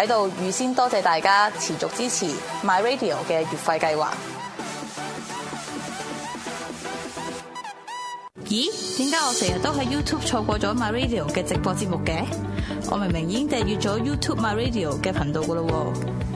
喺度預先多謝大家持續支持 MyRadio 嘅月費計劃。咦？點解我成日都喺 YouTube 錯過咗 MyRadio 嘅直播節目嘅？我明明已經訂閱咗 YouTube MyRadio 嘅頻道㗎喇喎。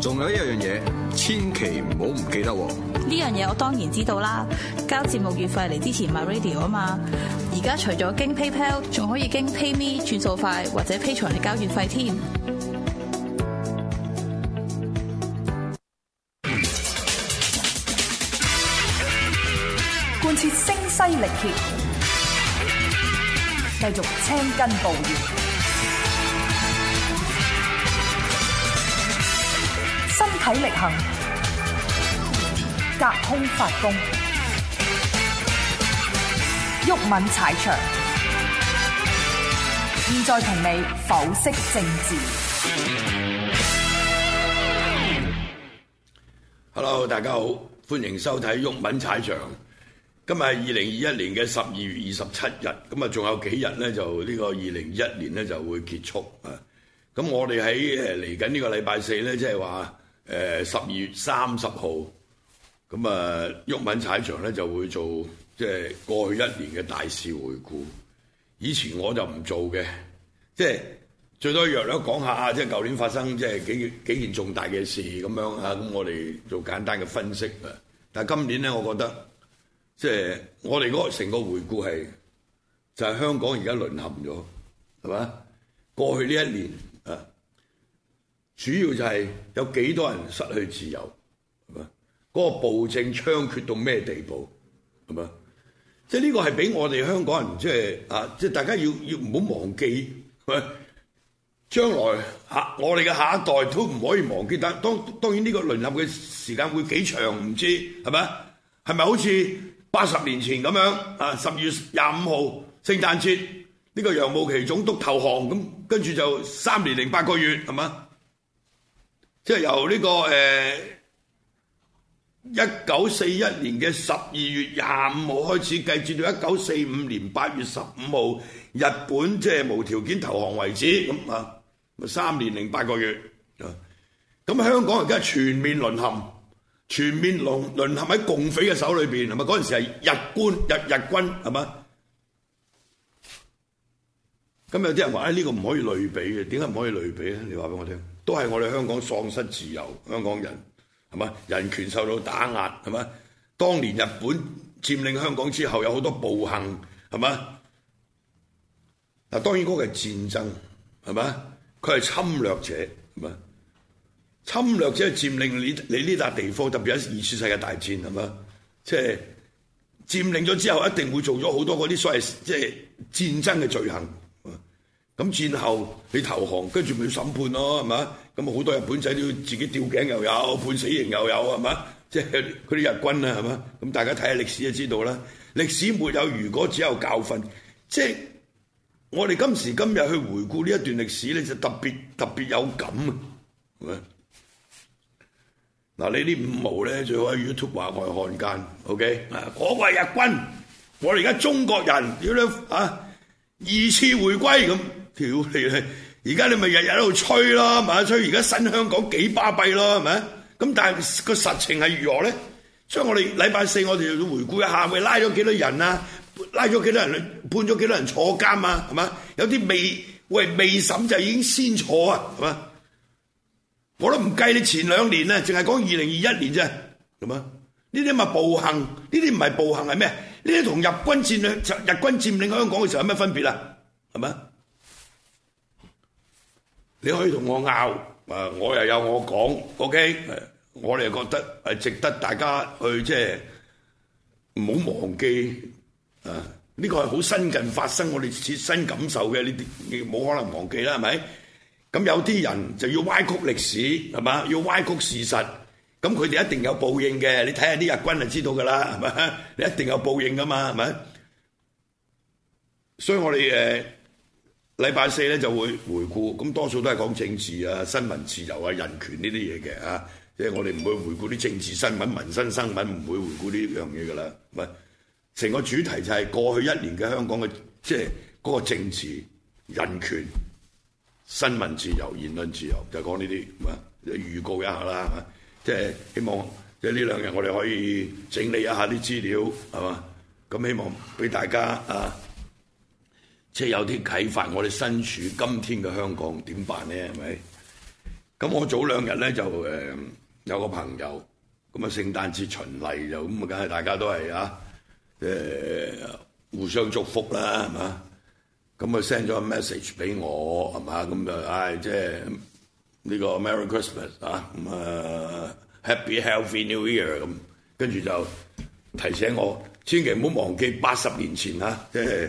仲有一樣嘢，千祈唔好唔記得喎！呢樣嘢我當然知道啦，交節目月費嚟支持 MyRadio 啊嘛！而家除咗經 PayPal，仲可以經 PayMe 轉數快或者 Patreon 嚟交月費添。貫徹聲嘶力竭，繼續青筋暴現。體力行，隔空發功，毓民踩場。現在同你剖析政治。Hello，大家好，歡迎收睇毓民踩場。今日係二零二一年嘅十二月二十七日，咁啊，仲有幾日咧？就呢個二零二一年咧就會結束啊！咁我哋喺誒嚟緊呢個禮拜四咧，即係話。誒，十二月三十號，咁啊毓民踩場咧就會做即係過去一年嘅大事回顧。以前我就唔做嘅，即係最多約略講下啊，即係舊年發生即係幾幾件重大嘅事咁樣啊，咁我哋做簡單嘅分析啊。但係今年咧，我覺得即係我哋嗰成個回顧係就係、是、香港而家淪陷咗，係嘛？過去呢一年。主要就係有幾多人失去自由，係嘛？嗰個暴政猖獗到咩地步，係嘛？即係呢個係俾我哋香港人，即係啊，即係大家要要唔好忘記，係咪？將來下我哋嘅下一代都唔可以忘記。但當當然呢個淪陷嘅時間會幾長，唔知係咪？係咪好似八十年前咁樣啊？十月廿五號聖誕節，呢個楊慕琪總督投降咁，跟住就三年零八個月，係嘛？即係由呢個誒一九四一年嘅十二月廿五號開始，計至到一九四五年八月十五號日本即係無條件投降為止，咁啊三年零八個月啊。咁香港而家全面淪陷，全面淪淪陷喺共匪嘅手裏邊，係咪嗰陣時係日官日日軍係咪啊？咁有啲人話，誒呢個唔可以類比嘅，點解唔可以類比咧？你話俾我聽。都係我哋香港喪失自由，香港人係嘛？人權受到打壓係嘛？當年日本佔領香港之後，有好多暴行係嘛？嗱，當然嗰個係戰爭係嘛？佢係侵略者係嘛？侵略者去佔領你你呢笪地方，特別喺二次世界大戰係嘛？即係佔領咗之後，一定會做咗好多嗰啲所謂即係戰爭嘅罪行。咁戰後你投降，跟住咪要審判咯，係嘛？咁好多日本仔都要自己吊頸又有，判死刑又有，係嘛？即係佢哋日軍啊，係嘛？咁大家睇下歷史就知道啦。歷史沒有如果，只有教訓。即係我哋今時今日去回顧呢一段歷史咧，就特別特別有感啊！係咪？嗱，呢啲五毛咧，最好喺 YouTube 話我係漢奸，OK？啊，嗰個日軍，我哋而家中國人要你！啊，二次回歸咁。屌你而家你咪日日喺度吹咯，咪吹而家新香港幾巴閉咯，係咪？咁但係個實情係如何咧？所以我哋禮拜四我哋要回顧一下，喂拉咗幾多人啊？拉咗幾多人判咗幾多人坐監啊？係咪？有啲未喂未審就已經先坐啊？係咪？我都唔計你前兩年啦，淨係講二零二一年啫。咁啊，呢啲咪暴行？呢啲唔係暴行係咩？呢啲同日軍佔領日軍佔領香港嘅時候有咩分別啊？係咪？你可以同我拗，啊！我又有我講，OK。我哋覺得係值得大家去即係唔好忘記，啊！呢個係好新近發生，我哋切身感受嘅呢啲，你冇可能忘記啦，係咪？咁有啲人就要歪曲歷史，係嘛？要歪曲事實，咁佢哋一定有報應嘅。你睇下啲日軍就知道㗎啦，係咪？你一定有報應㗎嘛，係咪？所以我哋誒。禮拜四咧就會回顧，咁多數都係講政治啊、新聞自由啊、人權呢啲嘢嘅啊，即係我哋唔會回顧啲政治新聞、民生新聞，唔會回顧呢樣嘢㗎啦。係成個主題就係過去一年嘅香港嘅，即係嗰個政治、人權、新聞自由、言論自由，就講呢啲。即係預告一下啦，即係希望即係呢兩日我哋可以整理一下啲資料，係嘛？咁希望俾大家啊。即係有啲啟發，我哋身處今天嘅香港點辦咧？係咪？咁我早兩日咧就有個朋友，咁啊聖誕節循例就咁啊，梗係大家都係啊互相祝福啦，係嘛？咁啊 send 咗個 message 俾我，係嘛？咁就唉、哎，即係呢、呢個 Merry Christmas 啊咁啊 Happy Healthy New Year 咁，跟住就提醒我千祈唔好忘記八十年前啊，即係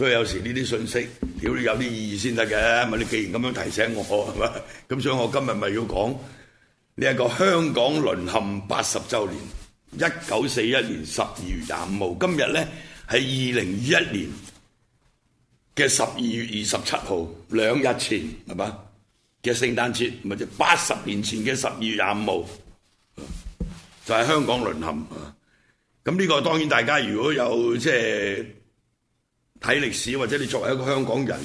所以有時呢啲信息屌你有啲意義先得嘅，咪你既然咁樣提醒我，係嘛？咁所以我今日咪要講呢一個香港淪陷八十週年，一九四一年十二月廿五號，今日咧係二零二一年嘅十二月二十七，號兩日前係嘛嘅聖誕節，咪就八十年前嘅十二月廿五號就係香港淪陷啊！咁呢個當然大家如果有即係。睇歷史或者你作為一個香港人，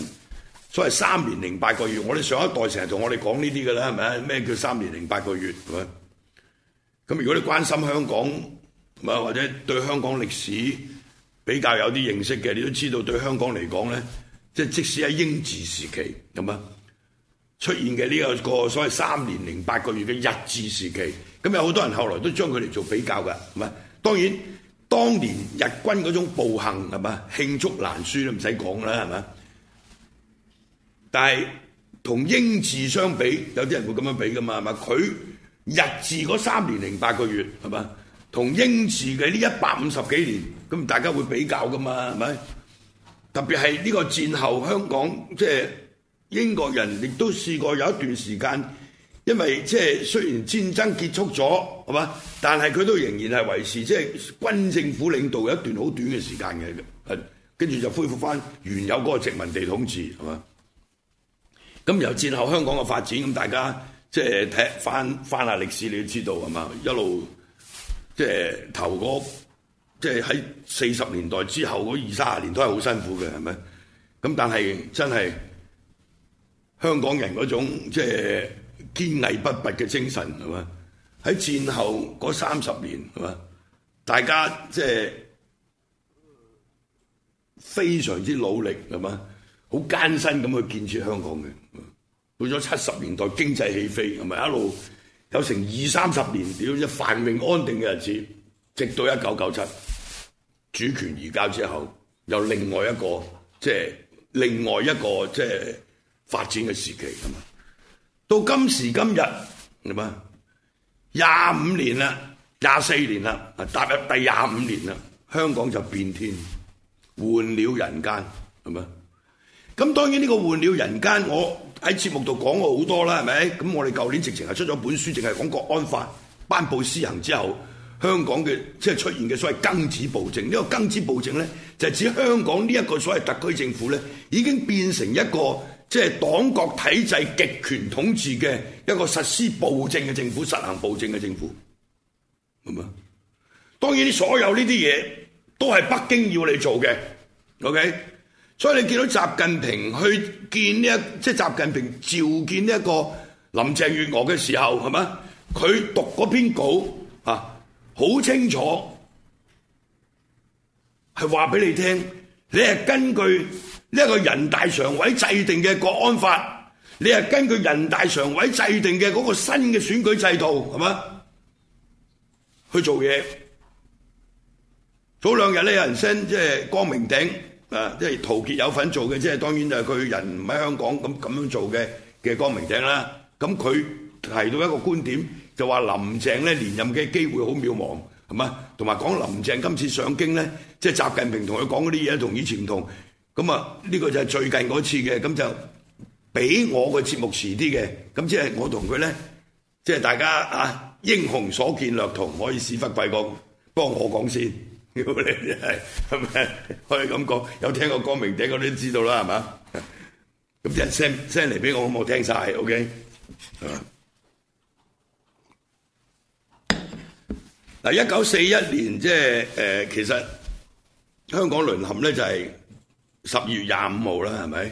所謂三年零八個月，我哋上一代成日同我哋講呢啲嘅啦，係咪？咩叫三年零八個月？咁，如果你關心香港，或者對香港歷史比較有啲認識嘅，你都知道對香港嚟講咧，即係即使喺英治時期咁啊，出現嘅呢個所謂三年零八個月嘅日治時期，咁有好多人後來都將佢哋做比較嘅，係當然。當年日軍嗰種暴行係嘛？罄竹難書都唔使講啦係咪？但係同英治相比，有啲人會咁樣比噶嘛係嘛？佢日治嗰三年零八個月係嘛？同英治嘅呢一百五十幾年，咁大家會比較噶嘛係咪？特別係呢個戰後香港，即係英國人亦都試過有一段時間。因為即係雖然戰爭結束咗，係嘛？但係佢都仍然係維持即係、即係、軍政府領導有一段好短嘅時間嘅，係跟住就恢復翻原有嗰殖民地統治，係嘛？咁由戰後香港嘅發展，咁大家即係睇翻翻下歷史，你都知道係嘛？一路即係頭嗰即係喺四十年代之後嗰二三十年都係好辛苦嘅，係咪？咁但係真係香港人嗰種即係。即係堅毅不拔嘅精神係嘛？喺戰後嗰三十年係嘛？大家即係非常之努力係嘛？好艱辛咁去建設香港嘅。到咗七十年代經濟起飛，一路有成二三十年屌一繁榮安定嘅日子，直到一九九七主權移交之後，又另外一個即係另外一個即係發展嘅時期嘛？到今時今日，係嘛？廿五年啦，廿四年啦，踏入第廿五年啦，香港就變天，換了人間，係嘛？咁當然呢個換了人間，我喺節目度講過好多啦，係咪？咁我哋舊年直情係出咗本書，淨係講《國安法》頒布施行之後，香港嘅即係出現嘅所謂庚子暴政。呢、這個庚子暴政咧，就係、是、指香港呢一個所謂特區政府咧，已經變成一個。即係黨國體制極權統治嘅一個實施暴政嘅政府，實行暴政嘅政府，明嘛？當然，所有呢啲嘢都係北京要你做嘅。OK，所以你見到習近平去見呢一，即係習近平召見呢一個林鄭月娥嘅時候，係咪？佢讀嗰篇稿啊，好清楚，係話俾你聽，你係根據。呢一個人大常委制定嘅國安法，你係根據人大常委制定嘅嗰個新嘅選舉制度，係嘛？去做嘢。早兩日咧，有人 send 即係光明頂啊，即係陶傑有份做嘅，即係當然就係佢人唔喺香港咁咁樣做嘅嘅光明頂啦。咁佢提到一個觀點，就話林鄭咧連任嘅機會好渺茫，係嘛？同埋講林鄭今次上京咧，即係習近平同佢講嗰啲嘢，同以前唔同。咁啊，呢個就係最近嗰次嘅，咁就俾我嘅節目遲啲嘅，咁即係我同佢咧，即係大家啊，英雄所見略同，可以屎忽鬼咁幫我講先，如果你係係咪可以咁講？有聽過光明頂，我都知道啦，係嘛？咁一 send send 嚟俾我，好冇聽曬？OK 係嘛？嗱，一九四一年即係誒，其實香港淪陷咧就係。十二月廿五號啦，係咪？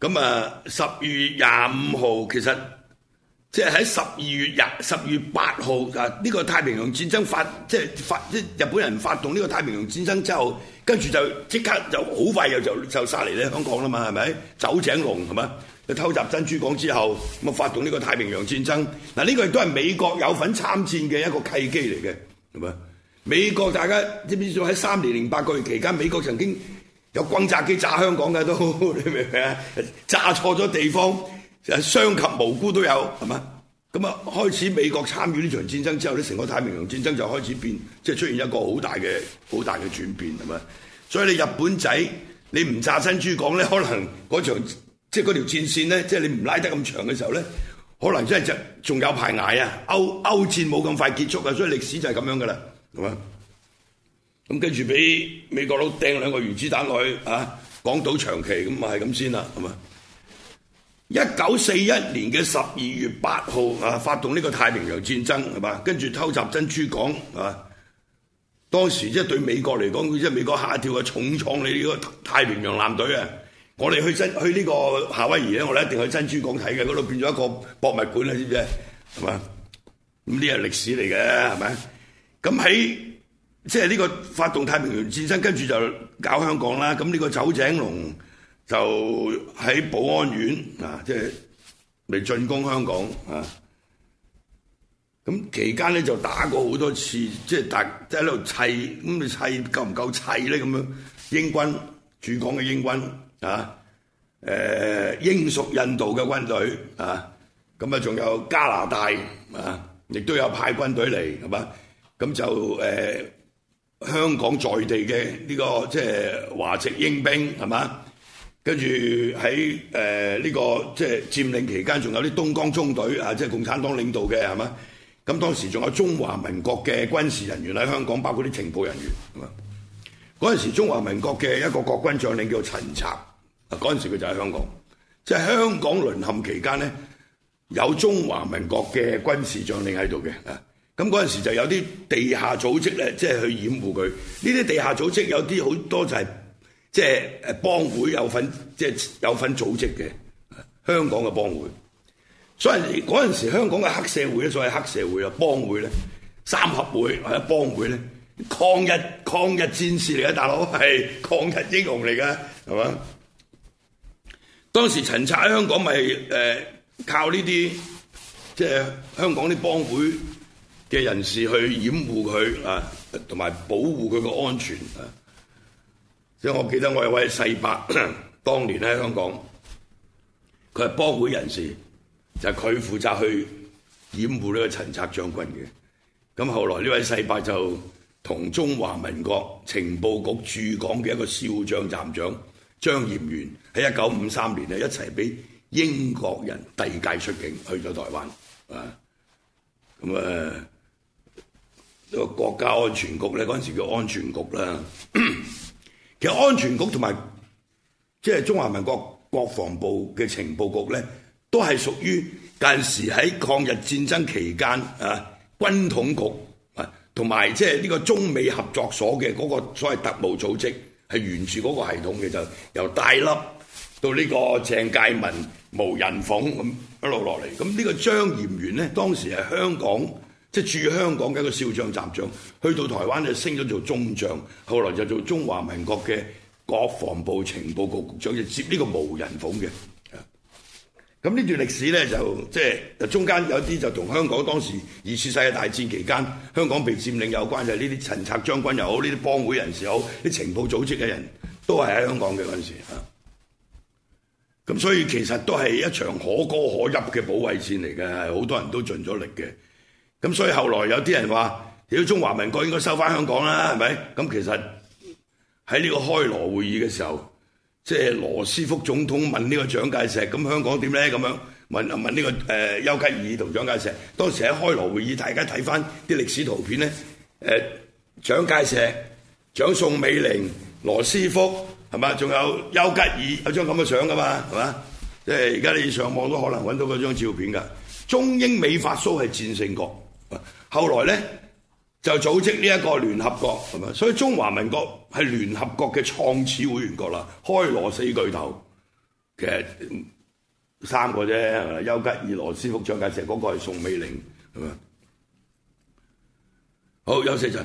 咁啊，十二月廿五號其實即係喺十二月廿十月八號啊，呢個太平洋戰爭發即係發，日本人發動呢個太平洋戰爭之後，跟住就即刻就好快又就就殺嚟咧香港啦嘛，係咪？走井龍係咪？就偷襲珍珠港之後，咁啊發動呢個太平洋戰爭嗱，呢個亦都係美國有份參戰嘅一個契機嚟嘅，係咪？美國大家知唔知道喺三年零八個月期間，美國曾經，有轟炸機炸香港嘅都，你明唔明啊？炸錯咗地方，傷及無辜都有，係嘛？咁啊，開始美國參與呢場戰爭之後咧，成個太平洋戰爭就開始變，即係出現一個好大嘅、好大嘅轉變，係嘛？所以你日本仔，你唔炸珍珠港咧，可能嗰場即係嗰條戰線咧，即係你唔拉得咁長嘅時候咧，可能真係就仲有排捱啊！歐歐戰冇咁快結束啊，所以歷史就係咁樣㗎啦，係嘛？咁跟住俾美國佬掟兩個原子彈落去啊，港島長期咁咪係咁先啦，係嘛？一九四一年嘅十二月八號啊，發動呢個太平洋戰爭係嘛？跟住偷襲珍珠港啊，當時即係、就是、對美國嚟講，即、就、係、是、美國嚇一跳嘅重創你呢個太平洋艦隊啊！我哋去真去呢個夏威夷咧，我哋一定去珍珠港睇嘅，嗰度變咗一個博物館啦，知唔知？係嘛？咁呢係歷史嚟嘅，係咪？咁喺即係呢個發動太平洋戰爭，跟住就搞香港啦。咁呢個酒井隆就喺保安院啊，即係嚟進攻香港啊。咁期間咧就打過好多次，即係打即係喺度砌，咁你砌夠唔夠砌咧？咁樣英軍駐港嘅英軍啊，誒英屬印度嘅軍隊啊，咁啊仲有加拿大啊，亦都有派軍隊嚟係嘛，咁就誒香港在地嘅呢個即係華籍英兵係嘛，跟住喺誒呢個即係佔領期間仲有啲東江中隊啊，即係共產黨領導嘅係嘛。咁當時仲有中華民國嘅軍事人員喺香港，包括啲情報人員係嘛。𠮶 陣時中華民國嘅一個國軍將領叫陳策啊，𠮶 陣時佢就喺香港即係、就是、香港淪陷期間咧，有中華民國嘅軍事將領喺度嘅。咁嗰陣時就有啲地下組織咧，即係去掩護佢。呢啲地下組織有啲好多就係即係誒幫會有份，即係有份組織嘅香港嘅幫會。所以嗰陣時香港嘅黑社會咧，所謂黑社會啊幫會咧，三合會或者幫會咧，抗日抗日戰士嚟嘅大佬係抗日英雄嚟嘅，係嘛？當時陳策喺香港咪誒靠呢啲即係香港啲幫會。嘅人士去掩護佢啊，同埋保護佢嘅安全啊。即係我記得我有位世伯，當年喺香港，佢係幫會人士，就係、是、佢負責去掩護呢個陳策將軍嘅。咁後來呢位世伯就同中華民國情報局駐港嘅一個少將站長張艷源，喺一九五三年咧，一齊俾英國人遞界出境去咗台灣啊。咁啊～個國家安全局呢，嗰陣時叫安全局啦。 其實安全局同埋即係中華民國國防部嘅情報局呢，都係屬於嗰陣時喺抗日戰爭期間啊，軍統局啊，同埋即係呢個中美合作所嘅嗰個所謂特務組織，係沿住嗰個系統嘅，就由戴笠到呢個鄭介民、毛人鳳咁一路落嚟。咁呢個張嚴元呢，當時係香港。即駐香港嘅一個少將、站長，去到台灣就升咗做中將，後來就做中華民國嘅國防部情報局局長，就接呢個毛人鳳嘅。咁呢段歷史呢，就即係、就是、中間有啲就同香港當時二次世界大戰期間香港被佔領有關，就係呢啲陳策將軍又好，呢啲幫會人士好，啲情報組織嘅人都係喺香港嘅嗰陣時啊。咁所以其實都係一場可歌可泣嘅保衛戰嚟嘅，好多人都盡咗力嘅。咁所以後來有啲人話：，屌中華民國應該收翻香港啦，係咪？咁其實喺呢個開羅會議嘅時候，即係羅斯福總統問呢個蔣介石：，咁香港點咧？咁樣問問呢個誒丘吉爾同蔣介石。當時喺開羅會議，大家睇翻啲歷史圖片咧，誒蔣介石、蔣宋美齡、羅斯福係嘛，仲有丘吉爾有張咁嘅相噶嘛，係嘛？即係而家你上網都可能搵到嗰張照片㗎。中英美法蘇係戰勝國。後來呢，就組織呢一個聯合國，所以中華民國係聯合國嘅創始會員國啦，開羅四巨頭，其實，嗯，三個啫，丘吉爾、羅斯福、蔣介石嗰個係宋美齡，好，休息一陣。